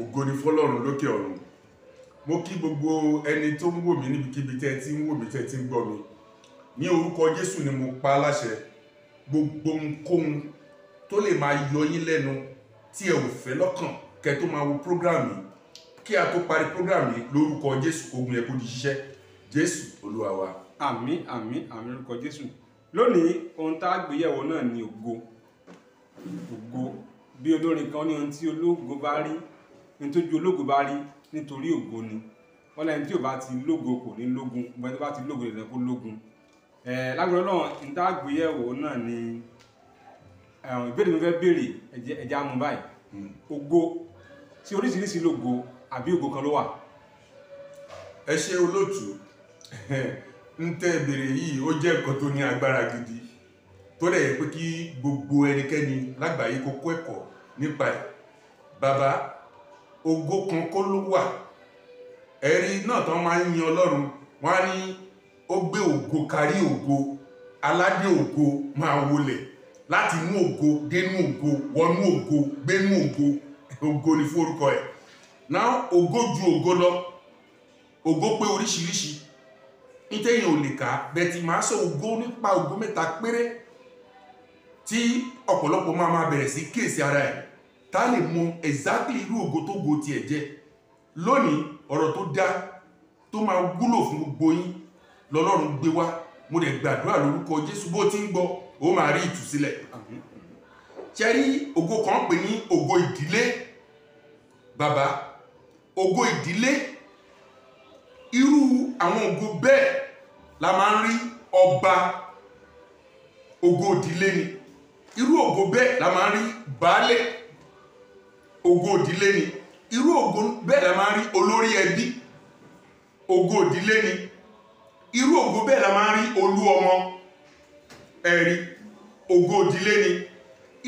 ògo ni fọlọ́run lókè ọ̀run mo kí gbogbo ẹni tó ń wò mí níbikíbi tẹ́ ti ń wò mí tẹ́ ti ń gbọ́ mi ní orúkọ jésù ni mo pa á láṣẹ gbogbo ohunkóhun tó lè máa yọ yín lẹ́nu tí ẹ ò fẹ́ lọ́kàn kẹ́ tó máa wo program yìí kí a tó parí program yìí lórúkọ jésù ogun yẹn kó di ṣiṣẹ́ jésù olúwa wa. àmín àmín àmín orúkọ jésù lónìí ohun tá a gbéyẹ̀wò náà ni ògo ògo bí olórin kan ní ohun tí ológo bá rí nítorí ológo bá rí nítorí ògo ni wọn lẹni tí ò bá ti lógo kò ní lógun ọmọ ẹni tó bá ti lógo lè kó lógun ẹ lágbára náà níta àgbéyẹ̀wò náà ni ìbéèrè mi fẹ́ béèrè ẹ̀jẹ̀ amú báyìí hmm. ògo tí oríṣiríṣi lógo àbí ògo kan ló wà. ẹ ṣe olóòtú ń tẹ ìbéèrè yìí ó jẹ́ nǹkan tó ní agbára gidi tó lè yẹ pé kí gbogbo ẹnikẹ́ni lágbàáyé kó kó ẹ̀kọ́ nípa ẹ̀ bàbá ògo kan kó ló wà ẹ̀rí náà tán máa ń yin ọlọ́run wọ́n á ní ó gbé ògo kárí ògo aládé ògo máa wọlé láti inú ògo dénú ògo wọnú ògo gbénú ògo ògo ni fún ẹ̀ náà ògo ju ògo lọ ògo pé oríṣiríṣi nítẹ̀yìn ò lè kà bẹ́ẹ̀ tí màá sọ ògo nípa ògo mẹ́ta péré tí ọ̀pọ̀lọpọ̀ máa máa bẹ̀rẹ̀ sí kíyèsí ara ẹ̀ tá a lè mọ exactly irú ògo tó go tiẹ̀ jẹ́ lónìí ọ̀rọ̀ tó dá tó máa wúlò fún gbogbo yín lọ́lọ́run gbé wá mo dẹ̀ gbàdúrà lórúkọ Jésù bó ti ń gbọ́ ó máa rí ìtúsílẹ̀ ṣẹ́rí ògo kan pè ní ògo ìdílé bàbá ògo ìdílé irú àwọn ògo bẹ́ẹ̀ la máa ń rí ọba ògo ìdílé ni irú ògo bẹ́ẹ̀ la máa ń rí baálẹ̀ ogo òdílé ni irú ogo bẹ́ẹ̀ la máa ń rí olórí ẹbí ògo ni irú ogo bẹ́ẹ̀ la máa ń rí olú ọmọ ẹ̀rí ògo ni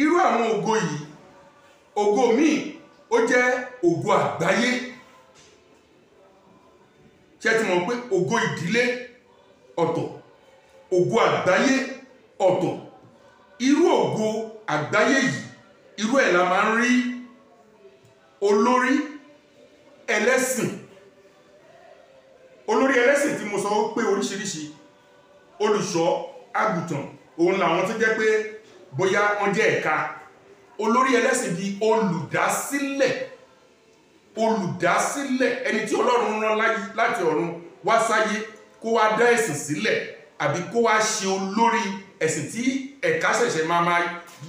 irú àwọn ogo yìí ogo míì ó jẹ́ ogo àgbáyé ṣé ti mọ̀ pé ogo ìdílé ọ̀tọ̀ ogo àgbáyé ọ̀tọ̀ irú àgbáyé yìí olórí ẹlẹ́sìn olórí ẹlẹ́sìn tí mo sọ pé oríṣiríṣi olùṣọ́ àgùntàn òun làwọn tó jẹ́ pé bóyá wọ́n jẹ́ ẹ̀ka olórí ẹlẹ́sìn di olùdásílẹ̀ olùdásílẹ̀ ẹni tí ọlọ́run rán láti ọ̀run wá sáyé kó wá dá ẹ̀sìn sílẹ̀ àbí kó wá ṣe olórí ẹ̀sìn tí ẹ̀ka ṣẹ̀ṣẹ̀ máa máa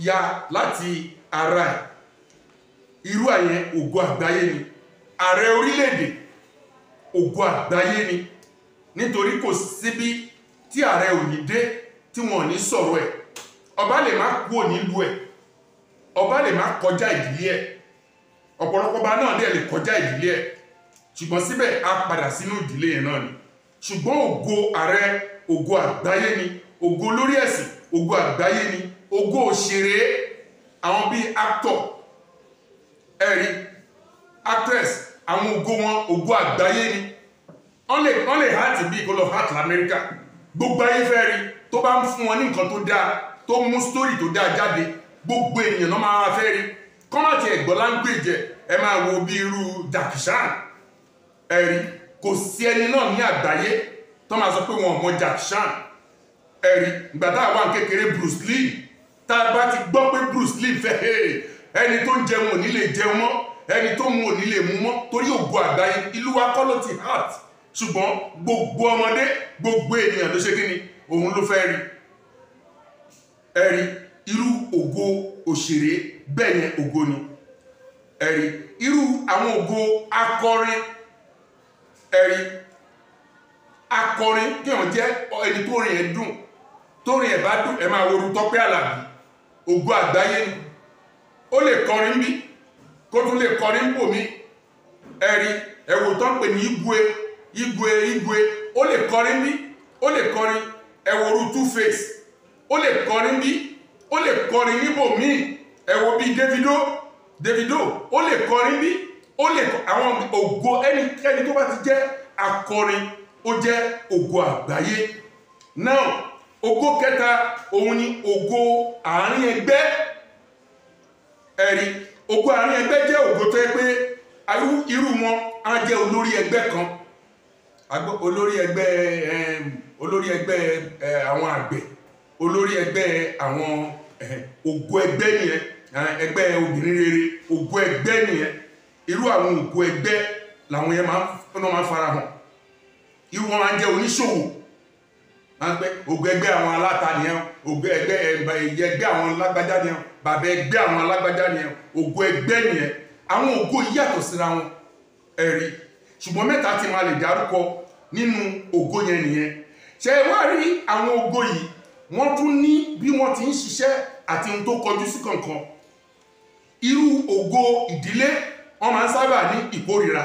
ya láti ara ẹ̀ irú àyẹn ògo àgbáyé ni ààrẹ orílẹ̀-èdè ògo àgbáyé ni nítorí kò síbi tí ààrẹ ò ní dé tí wọn ò ní sọ̀rọ̀ ẹ̀ ọba lè má kúrò nílùú ẹ̀ ọba lè má kọjá ìdílé ẹ̀ ọ̀pọ̀lọpọ̀ ọba náà dẹ̀ lè kọjá ìdílé ẹ̀ ṣùgbọ́n síbẹ̀ á padà sínú ìdílé yẹn náà ni ṣùgbọ́n ògo ààrẹ ògo àgbáyé ni ògo lórí ẹ̀sìn ògo àgbáyé ni ògo òṣèré àwọn bíi actor ẹ̀rí actress àwọn ògo wọn ògo àgbáyé ni wọ́n lè wọ́n lè hàtì bí kó lọ hàtì lamẹ́ríkà gbogbo ayé fẹ́ rí tó bá ń fún wọn ní nǹkan tó dáa tó mú story tó dáa jáde gbogbo ènìyàn náà máa fẹ́ rí kọ́mọ̀tì ẹ̀gbọ́ language ẹ máa wo bí irú Jackie-Chan ẹ̀rí kò sí ẹni náà ní àgbáyé tó máa sọ pé wọn ò mọ jackie ẹ̀rí ìgbà táwọn kékeré Bruce Lee tá a bá ti gbọ́ pé Bruce Lee fẹ́ ẹni tó ń jẹun ò ní lè jẹun mọ́ ẹni tó mu ò ní lè mu mọ́ torí ògo àgbáyé ìlú wa kọ́ ló ti heart ṣùgbọ́n gbogbo ọmọdé gbogbo ènìyàn ló ṣe kí ni òun ló fẹ́ rí ẹ̀rí irú ògo òṣèré bẹ́ẹ̀ yẹn ògo ni ẹ̀rí irú àwọn ògo akọrin ẹ̀rí akọrin kí wọ́n jẹ́ ẹni tó rìn ẹ̀ dùn tó rìn ẹ̀ bá dùn ẹ̀ máa woru Tọ́pẹ́ Àlàbí ògo àgbáyé ni ó lè kọrin bí kó tún lè kọrin bò mí ẹ̀rí ẹ̀wò tán pè ní igwe igwe igwe ó lè kọrin bí ó lè kọrin ẹ̀wò ru two face ó lè kọrin bí ó lè kọrin níbò mí ẹ̀wò bíi Davido Davido ó lè kọrin bí ó lè àwọn ògo ẹnikẹ́ni tó bá ti jẹ́ akọrin ó jẹ́ ògo àgbáyé now ògo kẹta òun ni ògo àárín ẹgbẹ́ ẹ̀rí ogun àárín ẹgbẹ́ jẹ́ ògo tó yẹ pé irú wọn á jẹ́ olórí ẹgbẹ́ kan olórí ẹgbẹ́ olórí ẹgbẹ́ àwọn àgbẹ̀ olórí ẹgbẹ́ àwọn ògo ẹgbẹ́ nìyẹn ẹgbẹ́ obìnrin rere ògo ẹgbẹ́ nìyẹn irú àwọn ògo ẹgbẹ́ làwọn yẹn máa ń fara hàn irú wọn máa ń jẹ́ oníṣòwò àgbẹ̀ ògbẹ́ ẹgbẹ́ àwọn aláta nìyẹn ògbẹ́ ẹgbẹ́ ẹgbẹ́ àwọn alágbájá nìyẹn bàbá ẹgbẹ́ àwọn alágbájá nìyẹn ògo ẹgbẹ́ nìyẹn àwọn ògo yìí yàtọ̀ síra wọn ẹ̀rí ṣùgbọ́n mẹ́ta ti máa lè dárúkọ nínú ògo yẹn nìyẹn ṣe é wá rí àwọn ògo yìí wọ́n tún ní bí wọ́n ti ń ṣiṣẹ́ àti ohun tó kọjú sí kankan irú ògo ìdílé wọ́n máa ń sábà ní ìkórira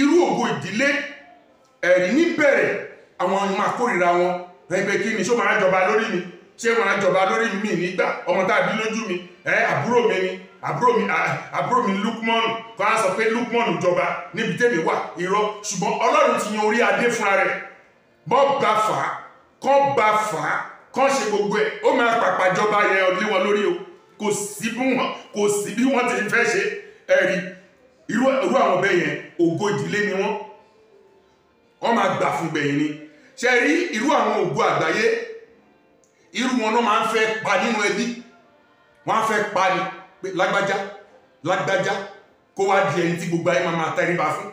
irú ògo ìdílé ẹ̀rí níbẹ̀rẹ̀ àwọn máa kórìíra wọn ẹgbẹ́ kí ni ṣó máa jọba lórí mi ṣé máa jọba lórí mi nígbà ọmọ tá bí lójú mi ẹ àbúrò mi ni àbúrò mi àbúrò mi lukmọ́nù kọ́ á sọ pé lukmọ́nù jọba níbi tẹ́mi wà irọ́ ṣùgbọ́n ọlọ́run ti yan orí adé fúnra rẹ̀ bọ́ bá fà á kọ́ bá fà á kọ́ ṣe gbogbo ẹ̀ ó máa pàpà jọba yẹn ọdíwọ́ lórí o kò sí bí wọ́n kò sí bí wọ́n ti fẹ́ ṣe ẹ̀rí irú àwọn ọbẹ̀ yẹn ògo ìdílé ni wọ́n wọ́n máa gbà fún gbẹ̀yìn ni ṣe rí irú àwọn ògo àgbáyé irú wọn náà máa ń fẹ́ pa nínú ẹbí wọ́n á fẹ́ pa ni pé lágbájá lágbájá kó wá di ẹni tí gbogbo ayé máa máa tẹríba fún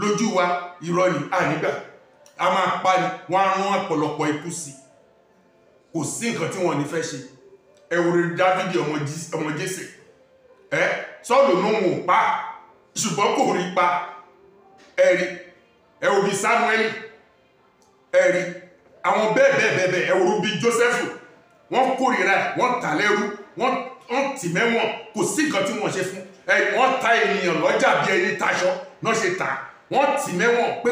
lójú wa irọ́ ni ànígbà a máa pa ni wọ́n á rán ọ̀pọ̀lọpọ̀ ikú sí kò sí nǹkan tí wọ́n ní fẹ́ ṣe ẹ wo Dávidi ọmọ Jésè ẹ sọ́dọ̀ náà wọn ò pa ṣùgbọ́n kò rí pa ẹ̀rí ẹ wo bí Sámúẹ́lì ẹ̀rí àwọn bẹ́ẹ̀ bẹ́ẹ̀ bẹ́ẹ̀ bẹ́ẹ̀ ẹ̀wòrú bíi Joseph wọ́n kórìíra ẹ̀ wọ́n tà lẹ́rú wọ́n tì mẹ́wọ̀n kò sí nǹkan tí wọ́n ṣe fún ẹ̀ wọ́n ta ènìyàn lọ́jà bí ẹni taṣọ náà ṣe tà wọ́n tì mẹ́wọ̀n pé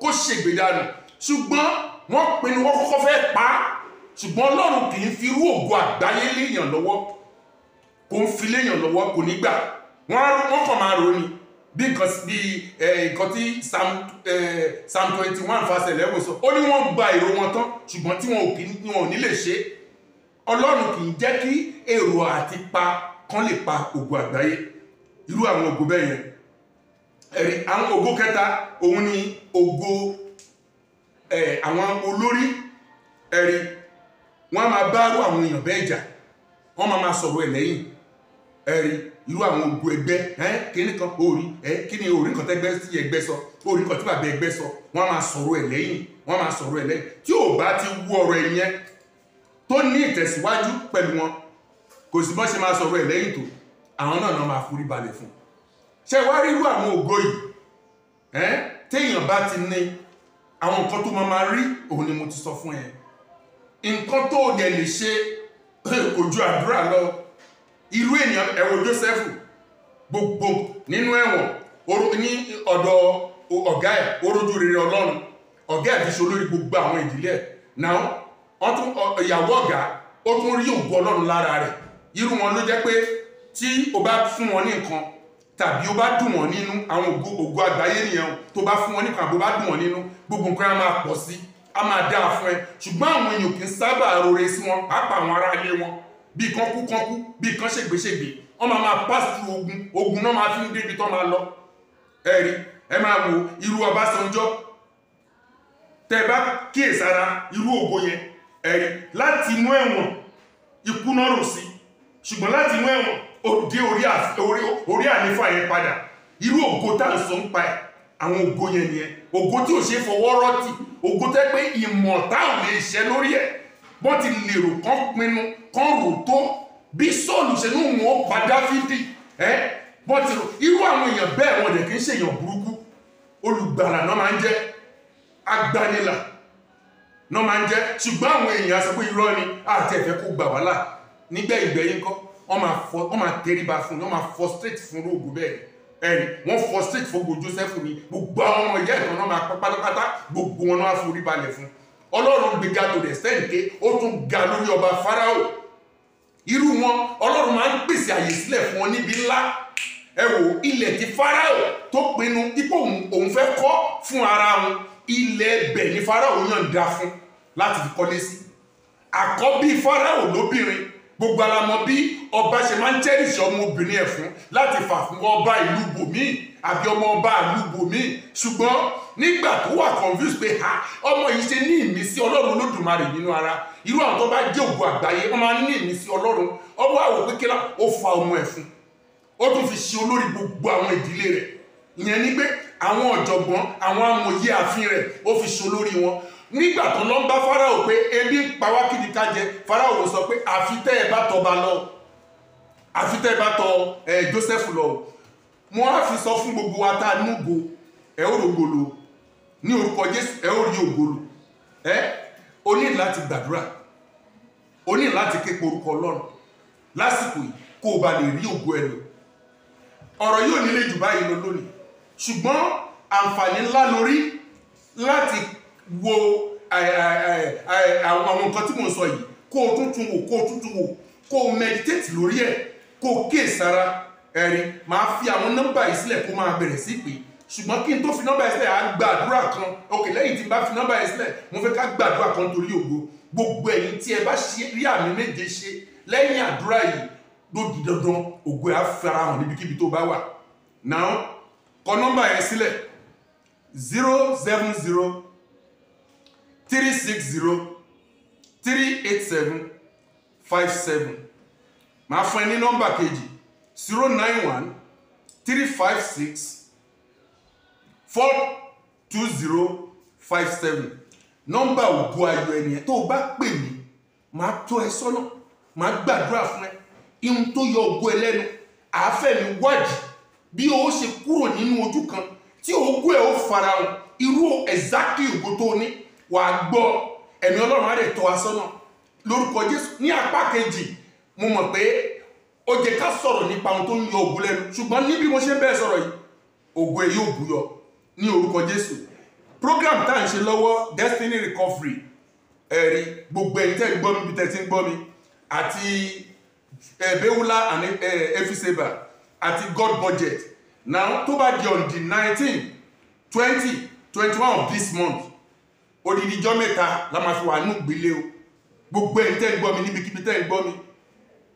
kó ṣègbèdànù ṣùgbọ́n wọ́n pinnu wọ́n kọ́kọ́ fẹ́ pa á ṣùgbọ́n Ọlọ́run kì í fi irú ògo àgbáyé léèyàn lọ́wọ́ kò ń fi léèyàn lọ́wọ́ kò ní gbà wọ́n kàn máa ronú bí nǹkan bí eh, nǹkan tí twenty one verse eleven sọ ó ní wọ́n gba èrò wọn tán ṣùgbọ́n tí wọn ò ní lè ṣe ọlọ́run kì í jẹ́ kí èrò àti pa kan lè pa ògo àgbáyé irú àwọn ògo bẹ́ẹ̀ yẹn ẹ̀rí àwọn ògo kẹta òun ni ògo eh, àwọn olórí ẹ̀rí wọ́n máa bá àwọn èèyàn bẹ́ẹ̀ jà wọ́n máa máa sọ̀rọ̀ ẹ̀ lẹ́yìn ẹ̀rí irú àwọn ogun ẹgbẹ́ kíní kan orí kíní orí nǹkan tẹ́gbẹ́ sí ẹgbẹ́ sọ orí nǹkan tí bàbá ẹgbẹ́ sọ wọ́n máa sọ̀rọ̀ ẹ̀ lẹ́yìn wọ́n máa sọ̀rọ̀ ẹ̀ lẹ́yìn tí ò bá ti wú ọ̀rọ̀ ẹ̀ yẹn tó ní ìtẹ̀síwájú pẹ̀lú wọn kò sí bọ́ ṣe máa sọ̀rọ̀ ẹ̀ lẹ́yìn tó àwọn náà máa forí balẹ̀ fún ṣe wá rí irú àwọn ògo yìí téèyàn bá ti ní àwọn nǹkan tó máa rí òun ni mo ti sọ fún ẹ nǹkan tó dẹ̀ lè ṣe ojú àdúrà lọ irú ènìyàn ẹ wo Joseph gbogbo nínú ẹ̀wọ̀n ní ọ̀dọ̀ ọ̀gá ẹ̀ orójú rere ọlọ́run ọ̀gá ẹ̀ fi ṣe olórí gbogbo àwọn ìdílé ẹ̀ náà wọ́n tún ìyàwó ọ̀gá ó tún rí ògo ọlọ́run lára rẹ̀ irú wọn ló jẹ́ pé tí o bá fún wọn ní nǹkan tàbí o bá dùn wọn nínú àwọn ògo àgbáyé nìyẹn tó bá fún wọn nìkan àbó bá dùn wọn nínú gbogbo nǹkan á máa pọ̀ sí á máa dáa fún ẹ ṣùgbọ́n àwọn èèyàn kì í sábà rore sí wọn pàápàá àwọn aráalé wọn bí kan kú kan kú bí kan ṣègbéṣègbé wọ́n máa máa pass through ogun ogun náà máa fi ń débi tán máa lọ ẹ̀rí ẹ máa wo irú Ọbásanjọ́ tẹ bá kíyèsára irú ògo yẹn ẹ̀rí láti inú ẹ̀wọ̀n ikú náà rò sí ṣùgbọ́n láti inú ẹ̀wọ̀n ó dé orí àlefa yẹn padà irú ògo tá à ń sọ ń pa ẹ̀ àwọn ògo yẹn nìyẹn ògo tí ò ṣe fọwọ́ rọ́tì ògo tẹ́ pé ìmọ̀ táwọn lè ṣẹ́ lórí ẹ̀ bọ́n ti lèrò kán pinnu kọ́ọ̀rù tó bí sọ́ọ̀lù ṣe ní òun ó pa dáfídì ẹ́ bọ́tì irú àwọn èèyàn bẹ́ẹ̀ wọn dẹ̀ kì í ṣe èèyàn burúkú olùgbàlà náà máa ń jẹ́ agbanilà náà máa ń jẹ́ ṣùgbọ́n àwọn èèyàn sọ pé irọ́ ni àti ẹ̀fẹ́ kó gbà wá là nígbẹ́ ìgbẹ́yìn kọ́ wọ́n máa tẹríba fún wọ́n máa frustrate fún rògbò bẹ́ẹ̀ ẹ̀rì wọ́n frustrate fún gbogbo Joseph ni gbogbo àwọn ọmọ ìyá ìtàn náà máa pátápátá gbogbo wọn náà forí balẹ̀ fún ọlọ́run gbéga tó dẹ̀ sẹ́ǹké ó tún ga lórí ọba Fáráò irú wọn ọlọ́run máa ń pèsè àyè sílẹ̀ fún wọn níbi ńlá ẹ wò ilẹ̀ tí Fáráò tó pinnu ipò òun fẹ́ kọ́ fún ara wọn ilẹ̀ ẹbẹ̀ ni Fáráò yàn dá fún láti fi kọ́lé sí àkọ́bí Fáráò lóbìnrin gbogbo alamọ bí ọba ṣe máa ń cherish ọmọbìnrin ẹ̀ fún láti fà fún ọba ìlú bòmíì àbí ọmọ ọba ìlú bòmíì ṣùgbọ́n nígbà tó wà confused pé ha ọmọ yìí ṣe ní ìmísí ọlọ́run olódùmarè nínú ara irú àwọn tó bá jẹ́ ògo àgbáyé wọ́n máa ń ní ìmísí ọlọ́run ọmọ àwọ̀ pékélá ó fa ọmọ ẹ̀ fún ó tún fi ṣe olórí gbogbo àwọn ìdílé rẹ̀ ìyẹn ni pé àwọn ọ̀jọ̀gbọ́n àwọn amòye àfin rẹ̀ ó fi ṣe olórí wọn nígbà tó lọ ń bá fáráò pé ebi ń pa wá kíni ká jẹ fáráò sọ pé àfi tẹ́ ẹ bá tọba lọ àfi tẹ́ ẹ bá tọ ẹ Jósẹ́fù lọ mo á fi sọ fún gbogbo wa tá a núgo ẹ ó rògbòlò ní orúkọ Jésù ẹ ó rí ògbòlò ẹ o ní láti gbàdúrà o ní láti ké porúkọ Ọlọ́run lásìkò yìí kó o bá lè rí ògo ẹ lò ọ̀rọ̀ yóò nílé jù báyìí lọ lónìí ṣùgbọ́n àǹfààní ńlá lórí gbogbo àwọn nǹkan tí mò ń sọ yìí kó o tuntun wò kó o tuntun wò kó o meditate lórí ẹ̀ kó o kíyèsára ẹ̀rí máa fi àwọn nọ́mbà yìí sílẹ̀ kó máa bẹ̀rẹ̀ sí pé ṣùgbọ́n kí n tó fi nọ́mbà yẹn sílẹ̀ á gbàdúrà kan ok lẹ́yìn tí n bá fi nọ́mbà yẹn sílẹ̀ mo fẹ́ ká gbàdúrà kan torí ògo gbogbo ẹ̀yin tí ẹ bá rí àmì méje ṣe lẹ́yìn àdúrà yìí lójú dandan ògo ẹ̀ á fara hàn níbikíbi tó bá wà now kọ nọ́mbà yẹn sílẹ̀ zero seven zero three six zero three eight seven five seven màá fún ẹ ní nọ́mbà kejì zero nine one three five six four two zero five seven nọ́mbà ògo ayọ̀ ẹnìyẹn tó o bá pè mí màá tọ́ ẹ sọ́nà màá gbàdúrà fún ẹ ihun tó yọ ògo ẹ lẹ́nu àáfẹ́ mi wájì bí o ṣe kúrò nínú ojú kan tí ògo ẹ ó farahàn irú exactly ògo tó o ní wà á gbọ́ ẹ̀mí ọlọ́run á lè tọ́ wa sọ́nà lórúkọ jésù ní apá kejì mo mọ̀ pé ó jẹ ká sọ̀rọ̀ nípa ohun tó ń yọ ògùn lẹ́nu ṣùgbọ́n ní mo ṣe bẹ́ẹ̀ sọ̀rọ̀ yìí ògùn ẹ̀ yóò buyọ ní orúkọ jésù program tá à ń ṣe lọ́wọ́ destiny recovery ẹ̀rí gbogbo ẹ̀yin tẹ́ ń gbọ́ mi bí tẹ́ ti ń gbọ́ mi àti ebewula and efiseba àti god budget now tó bá di on the nineteen twenty twenty one of this month odidi mẹ́ta la máa fi o gbogbo ẹ̀yin tẹ́ gbọ́ mi níbikíbi tẹ́ gbọ́ mi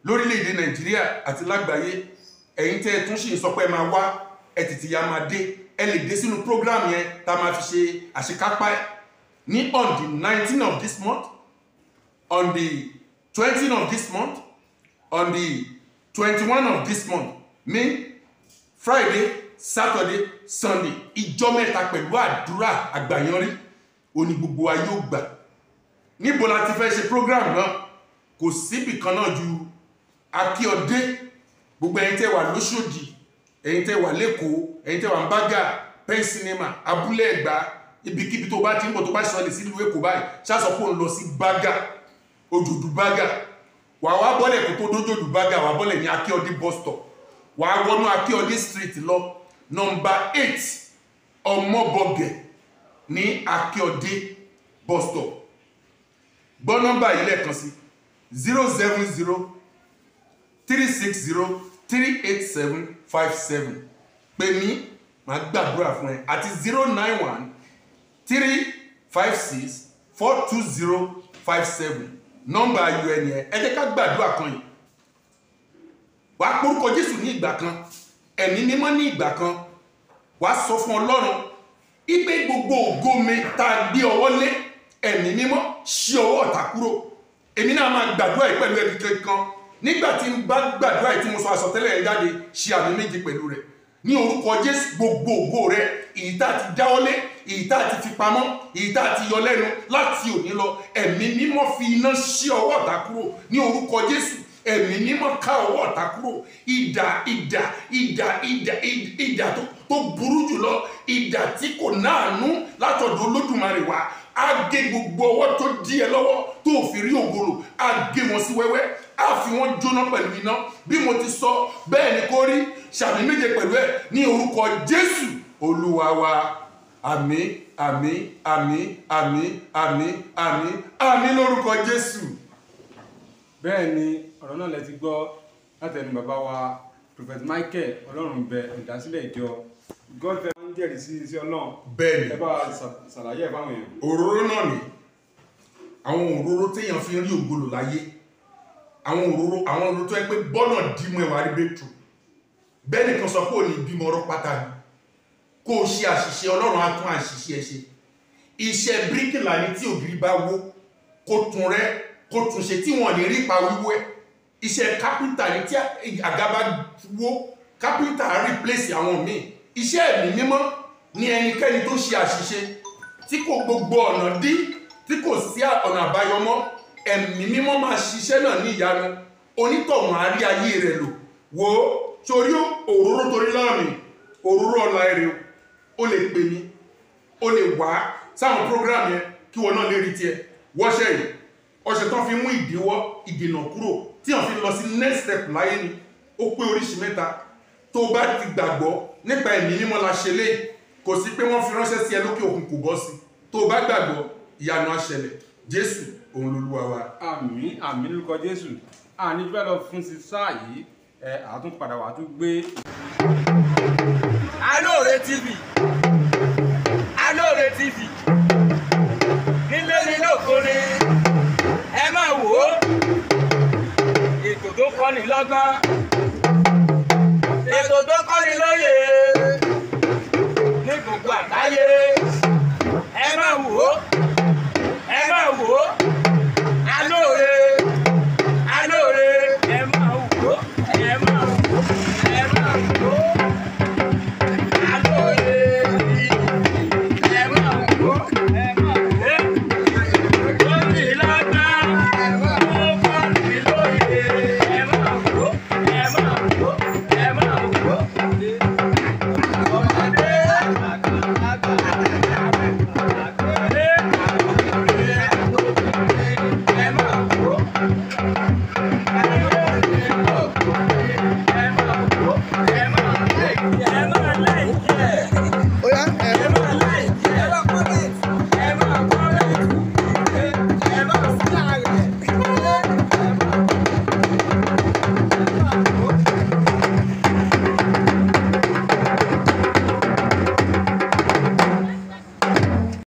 lórílẹ̀‐èdè nàìjíríà àti lágbàáyé ẹ̀yin tẹ́ tún sì ń sọ wá ẹ ya máa dé ẹ lè dé sínú program yẹn tá a fi ṣe àṣekápá ní on the nineteen of this month on the twenty of this month on the 21 one of this month ní friday saturday sunday ìjọ mẹ́ta pẹ̀lú àdúrà àgbàyanrí ó ní gbogbo ayé ó gbà níbo la ti fẹ́ ṣe program náà kò síbì kan náà ju akíọdé gbogbo ẹ̀yin tẹ́ wà lóṣòdì ẹ̀yin tẹ́ wà lẹ́kọ̀ọ́ ẹ̀yin tẹ́ wà ń bágà pen cinema abúlé ẹ̀gbá ibikíbi tó bá ti ń bọ̀ tó bá ṣọlẹ̀ sílùú èkó báyìí ṣáṣọpọ̀ ń lọ sí bágà òjòdù bágà wà wá bọ́lẹ̀ kó tó dójòdù bágà wà bọ́lẹ̀ ní akíọdé bus stop wà wọnú akíọdé street lọ nọmba eight ọmọbọgẹ̀ ní akíọdé bus stop gbọ́ nọ́mbà yìí lẹ́ẹ̀kan sí zero seven zero three six zero three eight seven five seven pè mí màá gbàdúrà fún ẹ àti zero nine one three five six four two zero five seven nọ́mbà ayọ̀ ẹni ẹ ẹ jẹ́ ká gbàdúrà kan yìí wàá porúkọ Jésù ní ìgbà kan ẹ̀mí mímọ́ ní ìgbà kan wàá sọ fún Ọlọ́run ipe gbogbo ògo mi tá a gbé ọwọ́ lé ẹ̀mí mímọ́ ṣí ọwọ́ ọ̀tá kúrò èmi náà máa gbàdúrà yìí pẹ̀lú ẹbí kankan nígbà tí n bá gbàdúrà yìí tí mo sọ àsọtẹ́lẹ̀ ẹ̀ jáde ṣe àmì méjì pẹ̀lú rẹ̀ ní orúkọ jésù gbogbo ògo rẹ̀ èyí tá a ti dáwọ́lé èyí tá a ti fi pamọ́ èyí tá a ti yọ lẹ́nu láti òní lọ ẹ̀mí mímọ́ fi iná ṣí ọwọ́ ọ̀tá kúrò ní orúkọ jésù ẹ̀mí mímọ́ ká ọwọ́ ọ̀tá kúrò ìdà ìdà ìdà ìdà ìdà tó burú jùlọ ìdà tí kò náànú látọ̀dọ̀ olódùmarè wá á gé gbogbo ọwọ́ tó dí ẹ lọ́wọ́ tó fi rí ògolo á gé wọn sí wẹ́wẹ́ á fi wọn jóná pẹ̀lú iná bí mo ti sọ bẹ́ẹ̀ ni kó rí sàmì méje pẹ̀lú ẹ̀ ní orúkọ jésù olúwa wa àmín àmín àmín àmín àmín àmín àmín lórúkọ jésù bẹ́ẹ̀ ni ọ̀rọ̀ náà lẹ ti gbọ́ látẹnu bàbá wa prophet michael ọlọ́run bẹ ìdásílẹ̀ ìjọ godfrey máa ń jẹ́rìí sí iṣẹ́ ọlọ́run bẹ́ẹ̀ ni ẹ bá ṣàlàyé ẹ̀ fáwọn èèyàn. òróró náà ni àwọn òróró téèyàn fi ń rí ògbólò láyé àwọn òróró àwọn òróró tó yẹ pé bọ́nà dìímú ẹ̀wà rí bẹ́tù bẹ́ẹ̀ nìkan sọ pé ò ní bímọ ọ̀rọ̀ pátá ni kó o ṣe àṣìṣe ọlọ́run á tún àṣìṣe ẹ ṣe iṣẹ́ bíríkìlà ni tí ògiri bá wó kó tún rẹ́ kò tún ṣe tí wọ́n lè rí ipa wíwó ẹ̀ iṣẹ́ kápẹ́ńtà ni tí àgàbà wó kápẹ́ńtà replace àwọn míì iṣẹ́ ẹ̀mí mímọ́ ni ẹnikẹ́ni tó ṣe àṣìṣe tí kò gbogbo ọ̀nà dí tí kò sí ọ̀nà àbáyọ mọ́ ẹ̀mí mímọ́ máa ṣiṣẹ́ náà ní ìyanu onítọ̀hún àárí ayé rẹ̀ lò wò ó torí òróró torí láàmì òróró ọ̀la èrè o lè pè mí o lè wá sáwọn program yẹn kí wọn náà lè rí tiẹ̀ wọ́ṣẹ́ yìí ọṣẹ tán fi mú ìdíwọ́ ìdènà kúrò tí wọ́n fi lọ sí next step láyé ni ó pé oríṣi mẹ́ta tó bá ti gbàgbọ́ nípa ẹ̀mí mímọ́ la ṣe léyìí kò sí pé wọ́n fi ránṣẹ́ sí ẹ lókè òkun kò bọ́ sí tó bá gbàgbọ́ ìyanu á ṣẹlẹ̀ jésù òun lolúwa wa. àmín àmín lórúkọ jésù àní bẹ́ẹ̀ lọ fún ti sáà yìí ẹ àtúnpadà wà á tún gbé. alóore tv alóore tv. ètò tó kọ́ni lọ́gbọ́n. ètò tó kọ́ni.